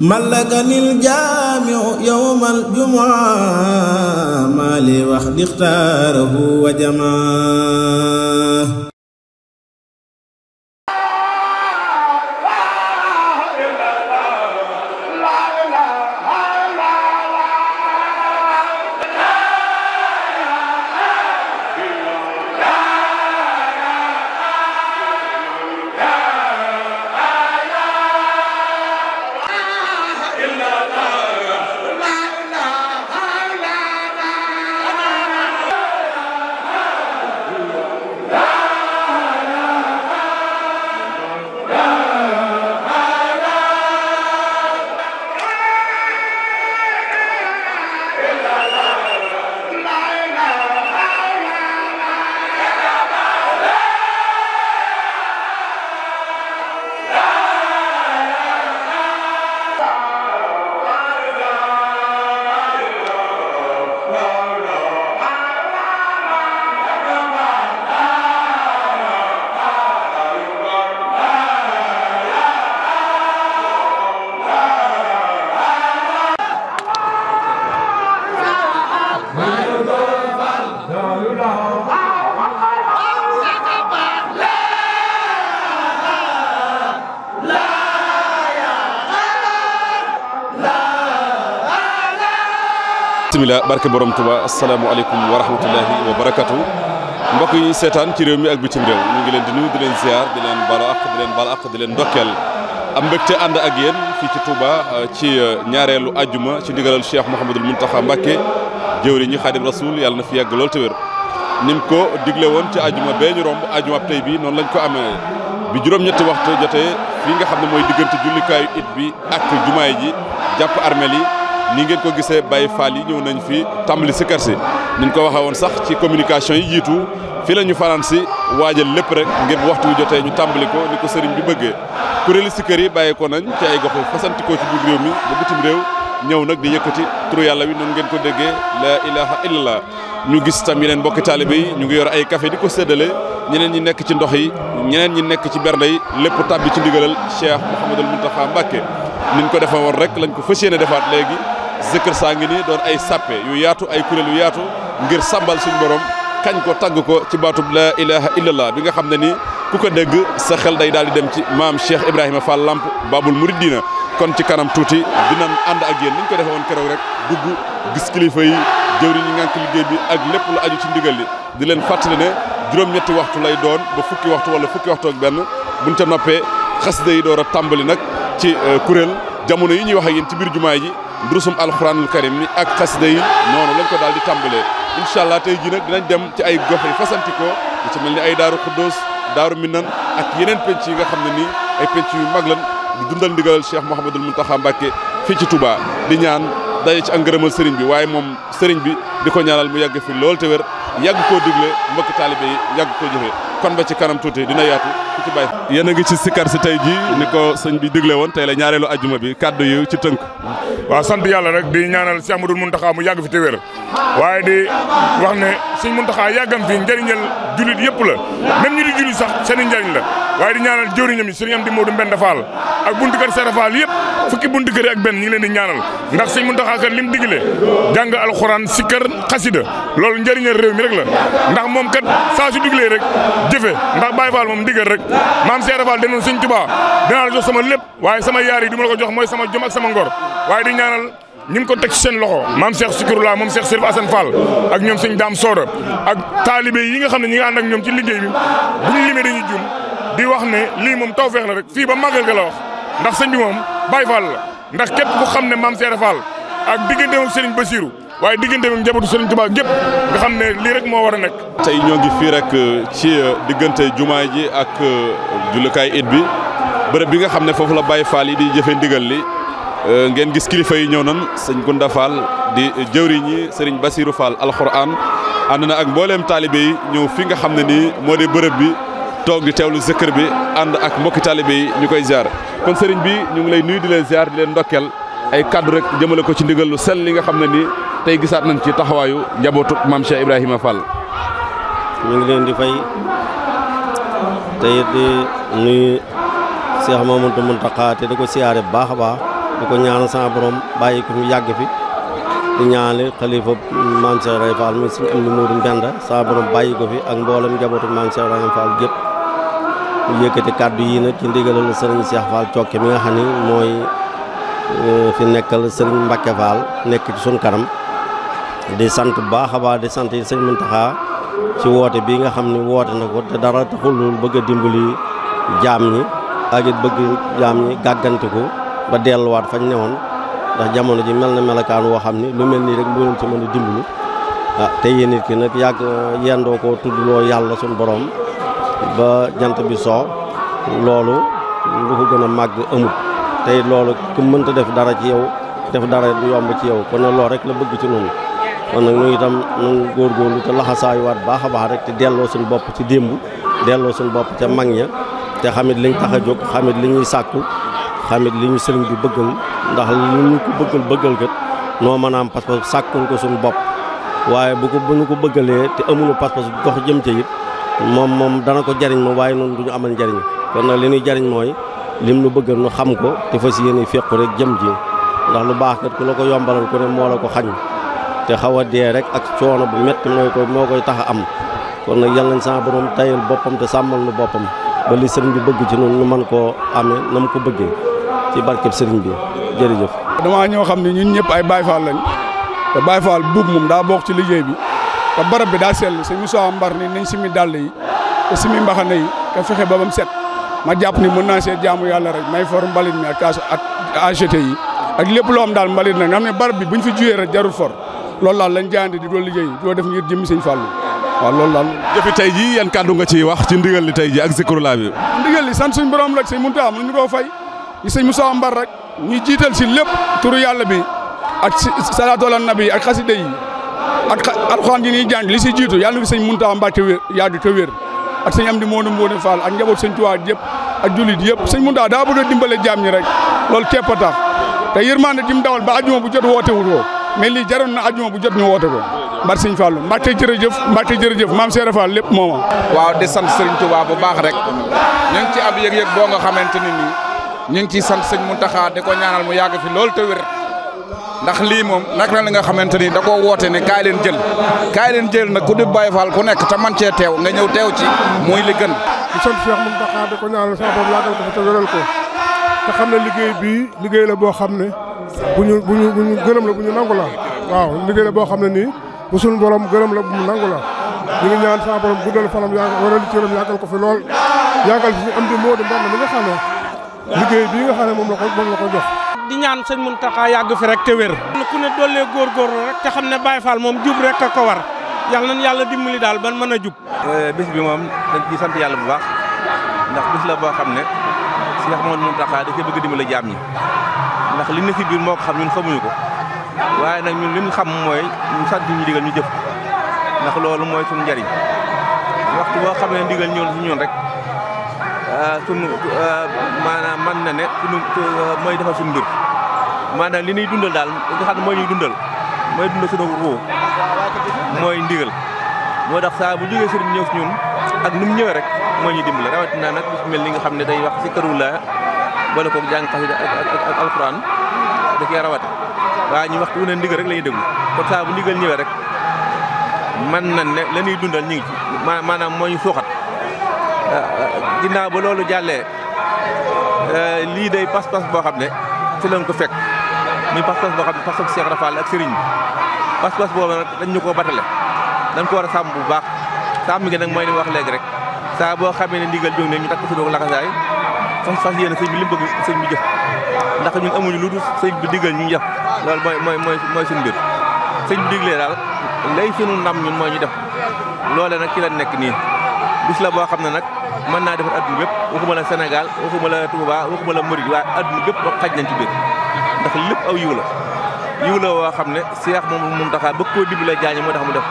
malakani ljaamiu yowma aljumua maa li wax dixtaarahu wa jamaa bisimilah barke borom Touba asalaamualeykum wa rahmatullahi wa barakatu mbokk yi seetaan ci réew mi ak bitim réew mu ngi leen di nuyu di leen ziar di leen baalu ak di leen baal ak di leen ndokkeel am mbégte ànd ak yéen fii ci Touba euh, ci euh, ñaareelu ajjuma ci ndigalal Cheikh Mouhamadul Mountakha Mbacké jëwriñ ñi Xaadim Rasoul yàlla na fi yàgg loolu te wér nim ko digle woon ci ajjuma bee ñu romb ajjuma tey bi noonu lañ ko amee bi juróom-ñetti waxtu jotee fii nga xam ne mooy diggante jullikaayu it bi ak jumaay ji jàpp armel yi ni ngeen ko gisee bàyyi Fall yi ñëw nañ fi tàmbali si kër si niñ ko waxee woon sax ci communication yi jiitu fii la ñu fanaan si waajal lépp rek ngir waxtu wu jotee ñu tàmbali ko ni ko sëriñ bi bëggee kuréeli si kër yi bàyyi ko nañ ci ay gox fasantikoo ci biir réew mi ba bitim réew ñëw nag di yëkkati turu yàlla wi noon ngeen ko déggee la ilaha illallah ñu gis tam yeneen mbokki taalibe yi ñu ngi yor ay café di ko séddale ñeneen ñi nekk ci ndox yi ñeneen ñi nekk ci bernde yi lépp tàbbi ci ndigalal Cheikh Mouhamadul Mountakha Mbacké niñ ko defa woon rek lañ ko fas yéene defaat léegi zikr saa ngi nii doon ay sàppe yu yaatu ay kuréel yu yaatu ngir sàmbal suñu borom kañ ko tàgg ko ci baatub la ilaha illallah bi nga xam ne nii ku ko dégg sa xel day daal di dem ci maam Cheikh Ibrahima Fall Lamp Babul Mouridina kon ci kanam tuuti dinañ ànd ak yéen ni ñu ko defee woon keroog rek dugg gis kilifa yi jëwriñ yi ngànk liggéey bi ak lépp lu aju ci ndigal li di leen fàttali ne juróom-ñetti waxtu lay doon ba fukki waxtu wala fukki waxtu ak benn buñ ca noppee xasida yi door tàmbali nag ci euh, kuréel jamono yi ñuy wax ak yéen ci biir jumaa ji durusum alxuraanul karim mi ak xasida yi noonu lañ ko daal di tàmbalee incha allah tey jii nag dinañ dem ci ay gox yi fasantikoo lu ci mel ni ay daaru xuddoos daaru minan ak yeneen penc yi nga xam ne nii ay penc yu mag lan di dundal ndigalal Cheikh Mouhamadul Mountakha Mbacké fii ci tubaa di ñaan daje ci ak ngërëmal sëriñ bi waaye moom sëriñ bi di ko ñaanal mu yàgg fi lool te wér yàgg koo digle mbokk taalibe yi yàgg koo jëfee kon ba ci kanam tuuti dina yaatu ku ci a ngi ci sikar si tey jii ni ko sëñ bi digle woon tey la ñaareelu ajjuma bi kàddu yu ci tënk. waaw sant yàlla rek di ñaanal Cheikh Amadou Mountakha mu yàgg fi te wér waaye di wax ne sëñ Mountakha yàggam fi njëriñal jullit yëpp la même ñi di jullit sax seen i njëriñ la waaye di ñaanal jëwriñam yi sëriñ am di Modou Mbenda Fall ak buntu kër Serap Fall yëpp fukki buntu kër ak benn ñu leen di ñaanal ndax sëñ Mountakha kat li mu mi rek la ndax jëfe ndax Baye Fall moom ndigal rek maam Cheikh Fall denoon Sëñ Tuubaa dinaa la jox sama lépp waaye sama yaar yi du ma la jox mooy sama jom ak sama ngor waaye di ñaanal ñi ngi ko teg ci seen loxo maam Cheikh Sikirulaa moom Cheikh Sirif Assane Fall ak ñoom sëñ Daam Sooda ak taalibe yi nga xam ne ñi nga ñoom ci liggéey bi buñu limee dañuy juum di wax ne lii moom tawfeex la rek fii ba màggal nga la wax ndax sëñ bi moom Baye Fall la ndax képp ku xam ne maam Cheikh Fall ak digganteem ak Sëriñ Basiru waaye diggante bi njabootu Serigne Touba gépp nga xam ne lii rek moo war a nekk. tey ñoo ngi fii rek euh, ci euh, diggante jumaa ji ak euh, jullukaay it bi bërëb bi nga xam ne foofu la bàyyi Fall yi di jëfe ndigal li ngeen gis kilifa yi ñëw nan sëñ Gunda Fall di jëwriñ yi Serigne Bassirou Fall alxuraan ànd na ak mbooleem taalibe yi ñëw fi nga xam ne nii moo di bërëb bi. toog di teewlu zëkkër bi ànd ak mbokki taalibe yi ñu koy ziar kon sëriñ bi ñu ngi lay nuyu di leen leen ndokkeel ay kaddu rek jëmale ko ci ndigal lu li nga xam ne ni tey gisaat nañ ci taxawaayu njabootu maam Ibrahima Fall. mu ngi leen di fay tey di nuyu Cheikh Mamadou Mountakha te di ko siyaare bu baax baax di ko ñaanal sama borom bàyyi ko mu yàgg fi di ñaanal xalifa maam Cheikh Ibrahima Fall mi suñu am ni muuru mbenda sama bàyyi ko fi ak mboolem njabootu maam Cheikh Ibrahima Fall gépp ñu yëkkati kaddu yii nag ci ndigalal sëriñ Cheikh Fall Cokke mi nga xam ni mooy. Euh, fi nekkal Serigne mbakkebaal nekk ci sunu kanam di sant bu baax a baax di sant Serigne ci woote bi nga xam ne woote na ko te dara taxul bëgg a dimbali jaam ñi ak it jaam ñi gàggantiku ba delluwaat fañ newoon ndax jamono ji mel na melakaan woo xam ni lu mel nii rek mënul ci mën a dimbali ah te yéen nit ki nag yàgg yendoo koo tuddloo yàlla sunu boroom ba jant bi soo loolu lu ko gën a màgg amut tey loolu ku mënta def dara ci yow def dara du yomb ci yow kon nag loolu rek la bëgg ci noonu kon nag ñu itam ñu góorgóorlu te laxasaayuwaat baax a baax rek te delloo suñu bopp ci démb delloo suñu bopp ca mag ña te xamit liñ tax a jóg xamit li ñuy sàkku xamit li ñu sëriñ bi bëggal ndax li ñu ko bëggal bëggal kat noo maanaam pas-pas sàkkuñ ko suñu bopp waaye bu ko bu ñu ko bëggalee te amuñu pas-pas dox jëm ca it moom moom dana ko jariñ ma waaye noonu du ñu amal njariñ kon li ñuy jariñ mooy lim nu bëgg nu xam ko te fas yéene fekku rek jëm ji ndax lu baax kat ku la ko yombalal ku ne moo la ko xañ te xaw a dee rek ak coono bu métti mooy ko moo koy tax am kon nag yàlla nañ sama borom tayal boppam te sàmmal nu boppam ba li sëriñ bi bëgg ci noonu nu mën koo amee na mu ko bëggee ci barkeb sëriñ bi jërëjëf. damaa ñoo xam ne ñun ñëpp ay Baye Fall lañ te Baye Fall buub moom daa bokk ci liggéey bi te barab bi daa sell suñu soo mbar ni nañ simi dàll ba bam ma jàpp ni mën naa see jaamu yàlla rek may for mbalit mi ak kaas ak AGT yi ak lépp loo am daal mbalit nag nga xam ne barab bi buñ fi juyee rek jarul for loolu daal lañ jaayante di doo liggéey doo def ngir jëmmi sëñ Fallou waaw loolu daal. jëfi tey jii yan kàddu nga ciy wax ci ndigal li tey jii ak zikrulaa bi. ndigal li sant suñ borom rek sëñ Mountakha mënuñu koo fay ñu sëñ Moussa Mbar rek ñu jiital si lépp turu yàlla bi ak salaatu ala nabi ak xasida yi ak alxuraan yi ñuy jàng li si jiitu yàlla na ko sëñ Mountakha Mbacké wér yàgg te wér ak sëñ am di Modou Mbodj Fall ak njaboot sëñ Tuubaa yëpp ak jullit yëpp sëñ Muntaxa daa bëgg a dimbale jaam ñi rek loolu képp a tax te yërmande mu dawal ba ajuma bu jot woote wut ko mais lii jaroon na ajuma bu jot ñu woote ko mbar sëñ jëf Mbàkke jërëjëf Mbàkke jërëjëf maam Seere Fall lépp mooma waaw di sant sëriñ Tuubaa bu baax rek ñu ngi ci ab yëg-yëg boo nga xamante ni nii ñu ngi ciy sant sëñ Muntaxa di ko ñaanal mu yàgg fi loolu te wér ndax lii moom nag la nga xamante ni da koo woote ne kaay leen jël kaay leen jël nag ku di Baay Faal ku nekk te man cee teew nga ñëw teew ci muy li gën. di sant Cheikh Mountakha di ko ñaanal sama bopp yàggal ko fa te wéral ko te xam ne liggéey bii liggéey la boo xam ne bu ñu bu ñu bu gërëm la bu ñu nangu la waaw liggéey la boo xam ne nii bu suñu borom gërëm la bu mu nangu la ñu ngi ñaan sama borom guddal fanam yàgg waral ko fi lool yàggal fi am di moo di mbor mi nga xam ne jox di ñaan sëñ Muntaxa yàgg fi rek te wér. ku ne doolee góorgóorlu rek te xam ne Baye Fall moom jub rek a ko war yàlla nañ yàlla dimbali daal ban mën a jub. Euh, bis bi moom dañ ciy sant yàlla bu baax ndax bis la boo xam ne Cheikh Mouhamadou Muntaxa da cee bëgg a jaam ñi ndax li ne ci biir moo ko xam ñun xamuñu ko waaye nag ñu li ñu xam mooy ñu sant ñu digal ñu jëf ndax loolu mooy suñu njariñ waxtu boo xam ne ndigal ñëw na ci ñun rek. Euh, sunu euh, maanaam man na ne sunu euh, mooy defar sunu mbir maanaam li ñuy dundal daal nga xam ne mooy ñuy dundal mooy dundal sunu ruu mooy ndigal moo tax saa bu jógee sëriñ ñëw si ak nu mu ñëwee rek moo ñuy dimbali rawatina nag bis mel ni nga xam ne day wax si karula boole koog jàng xasida ak ak ak alxuraan da cee rawate waaye ñu waxtu wu ne ndigal rek la ñuy kon saa bu ndigal ñëwee rek man na ne la ñuy dundal ñu ngi ci maanaam moo ñu suuxat dinaa euh, ba loolu jàllee euh, lii day pas-pas boo xam ne fi lañ ko fekk muy pas-pas boo xam ne pas-pas Cheikh Rafal ak Serigne bi pas-pas boobu nag dañ ñu koo batale dañ ko war a sàmm bu baax sàmm gi nag mooy li wax léegi rek saa boo xamee ne ndigal jóg ne ñu takk suñu laxasaay fas fas yéene sëñ bi li mu bëgg sëñ bi jëf ndax ñun amuñu lu du sëñ bi digal ñu jëf loolu mooy mooy mooy mooy suñu mbir sëñ bi diglee daal lay suñu ndam ñun mooy ñu def loole nag ci la nekk nii bis la boo xam ne nag mën naa defar adduna bépp waxuma la Sénégal waxuma la Touba waxuma la Mouride waaye adduna bépp ba xaj nañ ci biir ndax lépp aw yiw la yiw la woo xam ne Seex moom mun taxaa bëgg koo dimbale jaañe moo tax mu def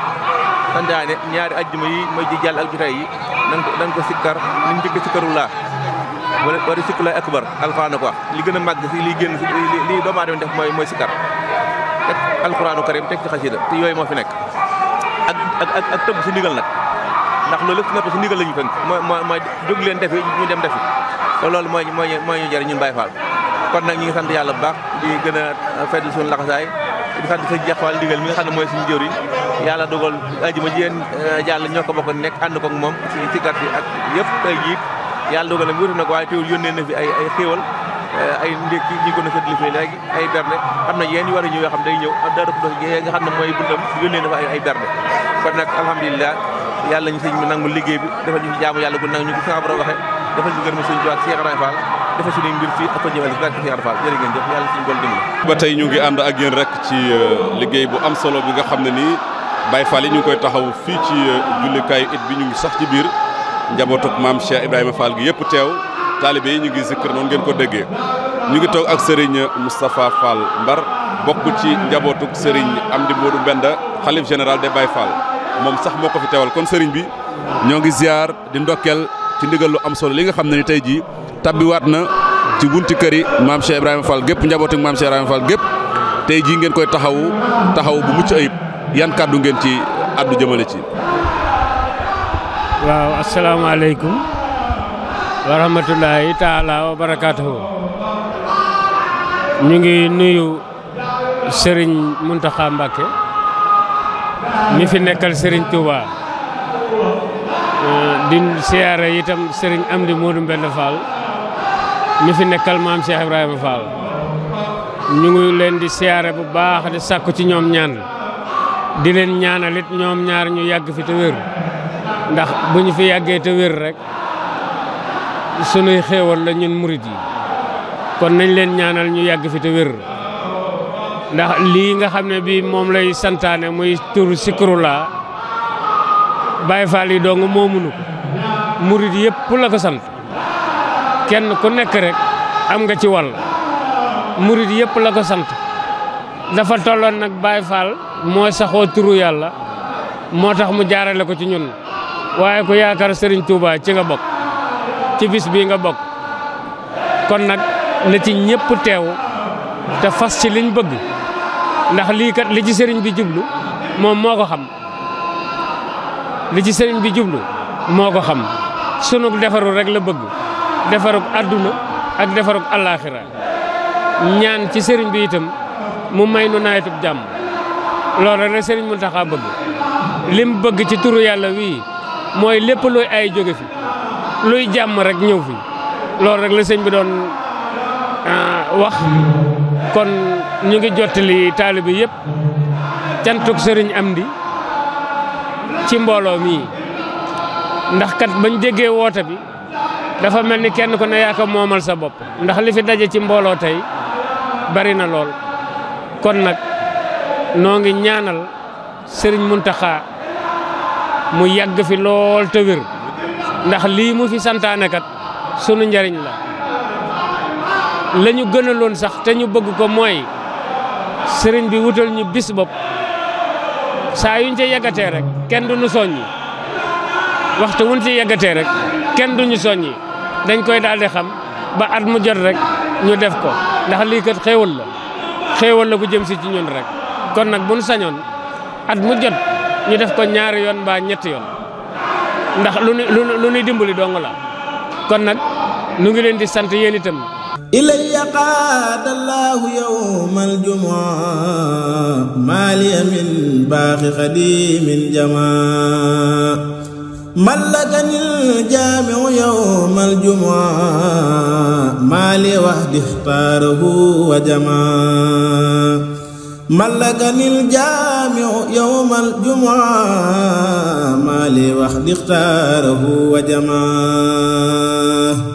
sandaane ñaari ajjuma yi mooy ji jàll ak jotaay yi nan ko nan ko sikkar ni mu jëkk sikkaru laa wala wala sikku lay akbar alxuraanu ko li gën a màgg si li génn si li doomu aadama def mooy mooy sikkar teg alxuraanu karim teg ci xasida te yooyu moo fi nekk ak ak ak tëb si ndigal nag ndax loolu lépp su nekk si ndigal la ñu tënk mooy mooy mooy jóg leen defi ñu dem defi loolu mooy mooy mooy ñu jëriñ ñun kon nag ñi sant yàlla bu baax di gën a fedd suñu laxasaay di sant sëñ Jaxwal ndigal mi nga xam ne mooy suñu jëriñ yàlla dogal ma ji yéen yàlla eh, ñoo ko bokk nekk ànd ko moom si si gàtt ak yëpp tey jii yàlla dogal na mu wutu nag waaye teewul yónnee na fi ay ay xéewal ko na sa dilifee léegi ay berne am na yéen war a yoo xam day ñëw am daa dëkk nga xam ne mooy bundam yónnee na fa ay berne kon nag alhamdulilah yàlla ñu sëñ bi nangu liggéey bi defal ñu ci jaamu yàlla gu nangu ñu ko sama borom waxee defal ñu gërëm sëñ Tuubaa Cheikh Ibrahima Fall defal suñuy mbir fii ak ko jëmale si barke Cheikh Ibrahima Fall jërë ngeen jëf yàlla suñu gol dimbali ba tey ñu ngi ànd ak yéen rek ci euh, liggéey bu am solo bi nga xam ne nii bay Fall yi ñu ngi koy taxaw fii ci euh, jullikaayu it bi ñu ngi sax ci biir njabootuk maam Cheikh Ibrahima Fall gi yëpp teew taalibe yi ñu ngi zikkër noonu ngeen ko déggee ñu ngi toog ak Serigne Moustapha Fall Mbar bokk ci njabootuk Serigne Amdi Modou Benda xalif général des Baye Fall moom sax moo ko fi teewal kon sëriñ bi ñoo ngi ziar di ndokkeel ci ndigal lu am solo li nga xam ne ni tey jii tabbiwaat na ci bunti kër yi maam Cheikh Ibrahima Fall gépp njabootu maam Cheikh Ibrahima Fall gépp tey jii ngeen koy taxawu taxaw bu mucc ayib yan kàddu ngeen ci àddu jëmale ci. waaw asalaamaaleykum wa rahmatulahi taala wa ñu ngi nuyu Serigne Mountakha Mbacké. mi fi nekkal sëriñ Touba euh, di siyaare itam Serigne Amdi Modou Mbend Fall mi fi nekkal maam Cheikh Ibrahima Fall ñu ngi leen di siyaare bu baax di sàkku ci ñoom ñaan di leen ñaanalit it ñoom ñaar ñu yàgg fi te ndax bu ñu fi yàggee te wér rek sunuy xéewal la ñun murit yi kon nañ leen ñaanal ñu yàgg fi te wér ndax lii nga xam ne bii moom lay santaane muy tur sikrullah Baay Faal yi dong moomunu ko murit yëpp la ko sant kenn ku nekk rekk am nga ci wàll murit yépp la ko sant dafa tolloon nag Baay Faal moo saxoo turu yàlla moo tax mu jaarale ko ci ñun waaye ku yaakaar sëriñ Touba ci nga bokk ci bis bii nga bokk kon nag na ci teew te fas ci liñ bi ndax lii kat li ci sëriñ bi jublu moom moo ko xam li ci sëriñ bi jublu moo ko xam sunug defaru rek la bëgg defarug adduna ak defarug alaaxira ñaan ci sëriñ bi itam mu may nu nawetub jàmm loolu rek la sëriñ Muntaxa bëgg lim bëgg ci turu yàlla wii mooy lépp luy ay jóge fi luy jàmm rek ñëw fi loolu rek la sëñ bi doon ah, wax ñu ngi jottali taalibe yëpp cantuk sëriñ am di ci mbooloo mii ndax kat bañ déggee woote bi dafa mel ni kenn ku ne yaa ko moomal sa bopp ndax li fi daje ci mbooloo tey bari na lool kon nag noo ngi ñaanal sëriñ Muntaxa mu yàgg fi lool te ndax lii mu fi santaane kat sunu njariñ la lañu ñu gënaloon sax te ñu bëgg ko mooy sëriñ bi wutal ñu bis bopp saa yuñ ci yeggatee rek kenn du ñu soññi waxtu wuñ ci yeggatee rek kenn du ñu soññi dañ koy daal di xam ba at mu jot rek ñu def ko ndax lii kat xéewal la xéewal la bu jëm si ci ñun rek kon nag bu ñu sañoon at mu jot ñu def ko ñaari yoon mbaa ñetti yoon ndax lu nu lu nu dimbali dong la kon nag nu ngi leen di sant yéen itam إلي قاد الله يوم الجمعة مالي من باخ خديم جماع ملكني الجامع يوم الجمعة مالي وحدي اختاره وجماع ملكني الجامع يوم الجمعة مالي وحدي اختاره وجماع